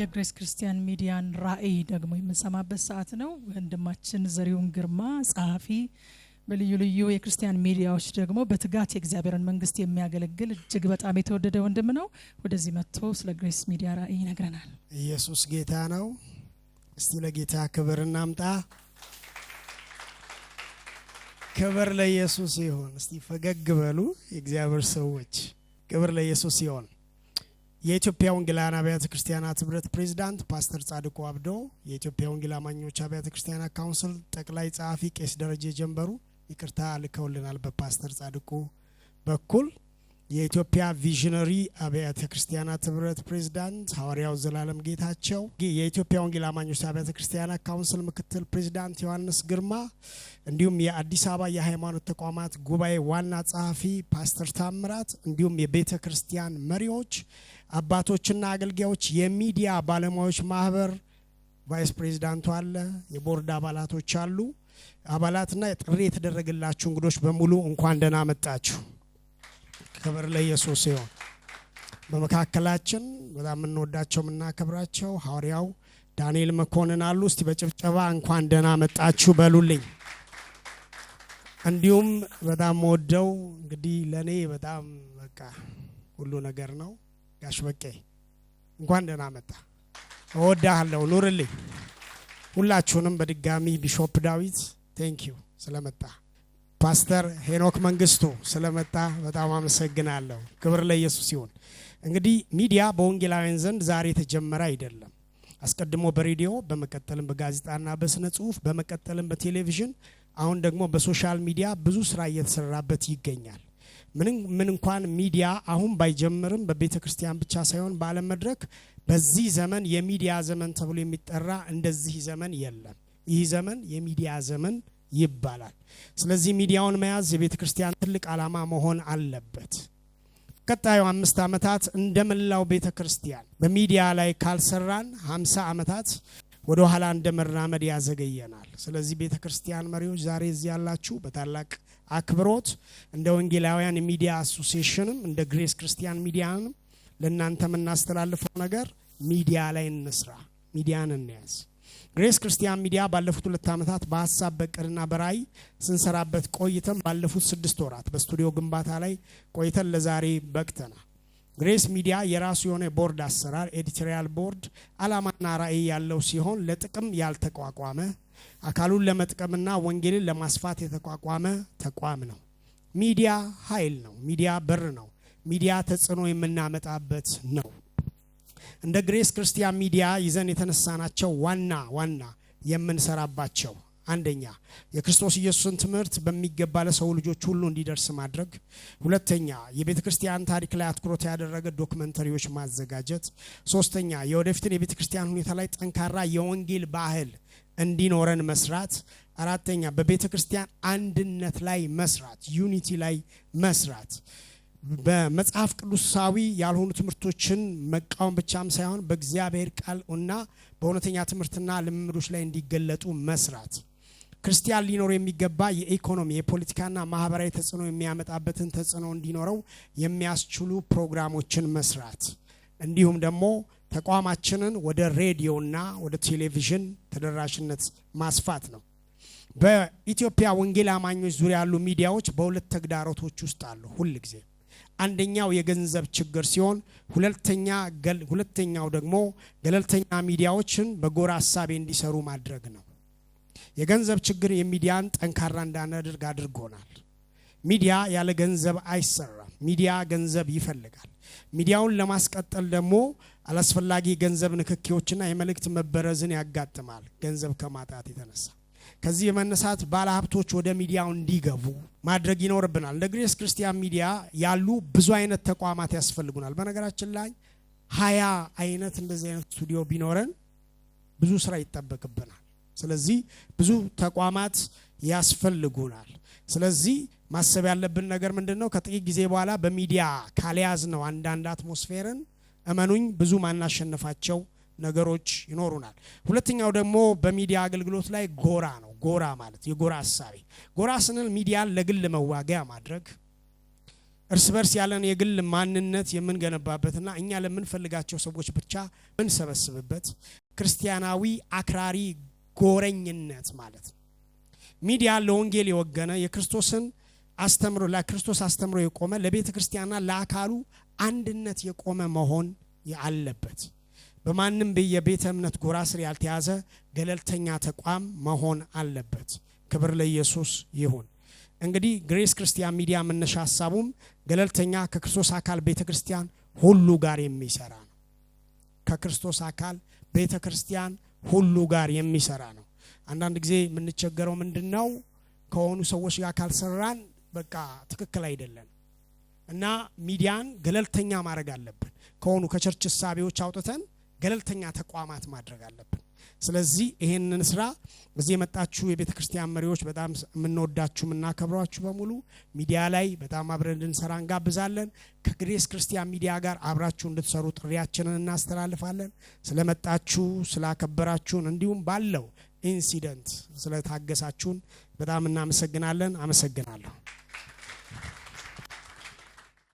የግሬስ ክርስቲያን ሚዲያን ራዕይ ደግሞ የምንሰማበት ሰዓት ነው። ወንድማችን ዘሪሁን ግርማ ጸሐፊ፣ በልዩ ልዩ የክርስቲያን ሚዲያዎች ደግሞ በትጋት የእግዚአብሔርን መንግስት የሚያገለግል እጅግ በጣም የተወደደ ወንድም ነው። ወደዚህ መጥቶ ስለ ግሬስ ሚዲያ ራዕይ ይነግረናል። ኢየሱስ ጌታ ነው። እስቲ ለጌታ ክብር እናምጣ። ክብር ለኢየሱስ ይሁን። እስቲ ፈገግ በሉ የእግዚአብሔር ሰዎች። ክብር ለኢየሱስ ይሁን። የኢትዮጵያ ወንጌላውያን አብያተ ክርስቲያናት ህብረት ፕሬዚዳንት ፓስተር ጻድቁ አብዶ፣ የኢትዮጵያ ወንጌል አማኞች አብያተ ክርስቲያናት ካውንስል ጠቅላይ ጸሐፊ ቄስ ደረጀ ጀንበሩ ይቅርታ ልከውልናል በፓስተር ጻድቁ በኩል የኢትዮጵያ ቪዥነሪ አብያተ ክርስቲያናት ህብረት ፕሬዝዳንት ሐዋርያው ዘላለም ጌታቸው፣ የኢትዮጵያ ወንጌል አማኞች አብያተ ክርስቲያናት ካውንስል ምክትል ፕሬዚዳንት ዮሐንስ ግርማ፣ እንዲሁም የአዲስ አበባ የሃይማኖት ተቋማት ጉባኤ ዋና ጸሐፊ ፓስተር ታምራት፣ እንዲሁም የቤተ ክርስቲያን መሪዎች፣ አባቶችና አገልጋዮች፣ የሚዲያ ባለሙያዎች ማህበር ቫይስ ፕሬዝዳንቱ አለ፣ የቦርድ አባላቶች አሉ። አባላትና ጥሪ የተደረገላችሁ እንግዶች በሙሉ እንኳን ደህና መጣችሁ። ክብር ለኢየሱስ ይሁን። በመካከላችን በጣም የምንወዳቸው የምናከብራቸው ሐዋርያው ዳንኤል መኮንን አሉ። እስቲ በጭብጨባ እንኳን ደህና መጣችሁ በሉልኝ። እንዲሁም በጣም ወደው እንግዲህ ለእኔ በጣም በቃ ሁሉ ነገር ነው ጋሽ በቄ እንኳን ደህና መጣ። እወዳሃለሁ፣ ኑርልኝ። ሁላችሁንም በድጋሚ ቢሾፕ ዳዊት ቴንኪዩ ስለመጣ ፓስተር ሄኖክ መንግስቱ ስለመጣ በጣም አመሰግናለሁ። ክብር ለኢየሱስ ይሁን። እንግዲህ ሚዲያ በወንጌላውያን ዘንድ ዛሬ የተጀመረ አይደለም። አስቀድሞ በሬዲዮ በመቀጠልም በጋዜጣና በስነ ጽሁፍ በመቀጠልም በቴሌቪዥን አሁን ደግሞ በሶሻል ሚዲያ ብዙ ስራ እየተሰራበት ይገኛል። ምን እንኳን ሚዲያ አሁን ባይጀምርም በቤተ ክርስቲያን ብቻ ሳይሆን በዓለም መድረክ በዚህ ዘመን የሚዲያ ዘመን ተብሎ የሚጠራ እንደዚህ ዘመን የለም። ይህ ዘመን የሚዲያ ዘመን ይባላል። ስለዚህ ሚዲያውን መያዝ የቤተ ክርስቲያን ትልቅ ዓላማ መሆን አለበት። ቀጣዩ አምስት ዓመታት እንደ መላው ቤተ ክርስቲያን በሚዲያ ላይ ካልሰራን ሀምሳ ዓመታት ወደ ኋላ እንደ መራመድ ያዘገየናል። ስለዚህ ቤተ ክርስቲያን መሪዎች ዛሬ እዚህ ያላችሁ በታላቅ አክብሮት እንደ ወንጌላውያን የሚዲያ አሶሴሽንም እንደ ግሬስ ክርስቲያን ሚዲያንም ለእናንተ የምናስተላልፈው ነገር ሚዲያ ላይ እንስራ፣ ሚዲያን እንያዝ። ግሬስ ክርስቲያን ሚዲያ ባለፉት ሁለት ዓመታት በሀሳብ በቅርና በራይ ስንሰራበት ቆይተን ባለፉት ስድስት ወራት በስቱዲዮ ግንባታ ላይ ቆይተን ለዛሬ በቅተና። ግሬስ ሚዲያ የራሱ የሆነ ቦርድ አሰራር ኤዲቶሪያል ቦርድ አላማና ራእይ ያለው ሲሆን ለጥቅም ያልተቋቋመ አካሉን ለመጥቀምና ወንጌልን ለማስፋት የተቋቋመ ተቋም ነው። ሚዲያ ኃይል ነው። ሚዲያ በር ነው። ሚዲያ ተጽዕኖ የምናመጣበት ነው። እንደ ግሬስ ክርስቲያን ሚዲያ ይዘን የተነሳናቸው ዋና ዋና የምንሰራባቸው አንደኛ የክርስቶስ ኢየሱስን ትምህርት በሚገባ ለሰው ልጆች ሁሉ እንዲደርስ ማድረግ፣ ሁለተኛ የቤተ ክርስቲያን ታሪክ ላይ አትኩሮት ያደረገ ዶክመንተሪዎች ማዘጋጀት፣ ሶስተኛ የወደፊትን የቤተ ክርስቲያን ሁኔታ ላይ ጠንካራ የወንጌል ባህል እንዲኖረን መስራት፣ አራተኛ በቤተ ክርስቲያን አንድነት ላይ መስራት ዩኒቲ ላይ መስራት በመጽሐፍ ቅዱሳዊ ያልሆኑ ትምህርቶችን መቃወም ብቻም ሳይሆን በእግዚአብሔር ቃል እና በእውነተኛ ትምህርትና ልምምዶች ላይ እንዲገለጡ መስራት ክርስቲያን ሊኖር የሚገባ የኢኮኖሚ የፖለቲካና ማህበራዊ ተጽዕኖ የሚያመጣበትን ተጽዕኖ እንዲኖረው የሚያስችሉ ፕሮግራሞችን መስራት እንዲሁም ደግሞ ተቋማችንን ወደ ሬዲዮና ወደ ቴሌቪዥን ተደራሽነት ማስፋት ነው። በኢትዮጵያ ወንጌል አማኞች ዙሪያ ያሉ ሚዲያዎች በሁለት ተግዳሮቶች ውስጥ አሉ ሁል ጊዜ አንደኛው የገንዘብ ችግር ሲሆን ሁለተኛ ሁለተኛው ደግሞ ገለልተኛ ሚዲያዎችን በጎራ ሀሳቤ እንዲሰሩ ማድረግ ነው። የገንዘብ ችግር የሚዲያን ጠንካራ እንዳናደርግ አድርጎናል። ሚዲያ ያለ ገንዘብ አይሰራም። ሚዲያ ገንዘብ ይፈልጋል። ሚዲያውን ለማስቀጠል ደግሞ አላስፈላጊ ገንዘብ ንክኪዎችና የመልእክት መበረዝን ያጋጥማል። ገንዘብ ከማጣት የተነሳ ከዚህ በመነሳት ባለሀብቶች ወደ ሚዲያው እንዲገቡ ማድረግ ይኖርብናል። እንደ ግሬስ ክርስቲያን ሚዲያ ያሉ ብዙ አይነት ተቋማት ያስፈልጉናል። በነገራችን ላይ ሀያ አይነት እንደዚህ አይነት ስቱዲዮ ቢኖረን ብዙ ስራ ይጠበቅብናል። ስለዚህ ብዙ ተቋማት ያስፈልጉናል። ስለዚህ ማሰብ ያለብን ነገር ምንድን ነው? ከጥቂት ጊዜ በኋላ በሚዲያ ካልያዝ ነው አንዳንድ አትሞስፌርን እመኑኝ ብዙ ማናሸንፋቸው ነገሮች ይኖሩናል። ሁለተኛው ደግሞ በሚዲያ አገልግሎት ላይ ጎራ ነው። ጎራ ማለት የጎራ ሀሳቤ ጎራ ስንል ሚዲያን ለግል መዋጊያ ማድረግ እርስ በርስ ያለን የግል ማንነት የምንገነባበትና እኛ ለምንፈልጋቸው ሰዎች ብቻ ምንሰበስብበት ክርስቲያናዊ አክራሪ ጎረኝነት ማለት ነው። ሚዲያ ለወንጌል የወገነ የክርስቶስን አስተምሮ ለክርስቶስ አስተምሮ የቆመ ለቤተ ክርስቲያንና ለአካሉ አንድነት የቆመ መሆን አለበት። በማንም የቤተ እምነት ጎራ ስር ያልተያዘ ገለልተኛ ተቋም መሆን አለበት። ክብር ለኢየሱስ ይሁን። እንግዲህ ግሬስ ክርስቲያን ሚዲያ መነሻ ሀሳቡም ገለልተኛ ከክርስቶስ አካል ቤተ ክርስቲያን ሁሉ ጋር የሚሰራ ነው። ከክርስቶስ አካል ቤተ ክርስቲያን ሁሉ ጋር የሚሰራ ነው። አንዳንድ ጊዜ የምንቸገረው ምንድን ነው? ከሆኑ ሰዎች ጋር ካልሰራን በቃ ትክክል አይደለም እና ሚዲያን ገለልተኛ ማድረግ አለብን። ከሆኑ ከቸርች እሳቤዎች አውጥተን ገለልተኛ ተቋማት ማድረግ አለብን። ስለዚህ ይሄንን ስራ እዚህ የመጣችሁ የቤተ ክርስቲያን መሪዎች በጣም የምንወዳችሁ የምናከብሯችሁ በሙሉ ሚዲያ ላይ በጣም አብረን እንድንሰራ እንጋብዛለን። ከግሬስ ክርስቲያን ሚዲያ ጋር አብራችሁ እንድትሰሩ ጥሪያችንን እናስተላልፋለን። ስለመጣችሁ ስላከበራችሁን፣ እንዲሁም ባለው ኢንሲደንት ስለታገሳችሁን በጣም እናመሰግናለን። አመሰግናለሁ።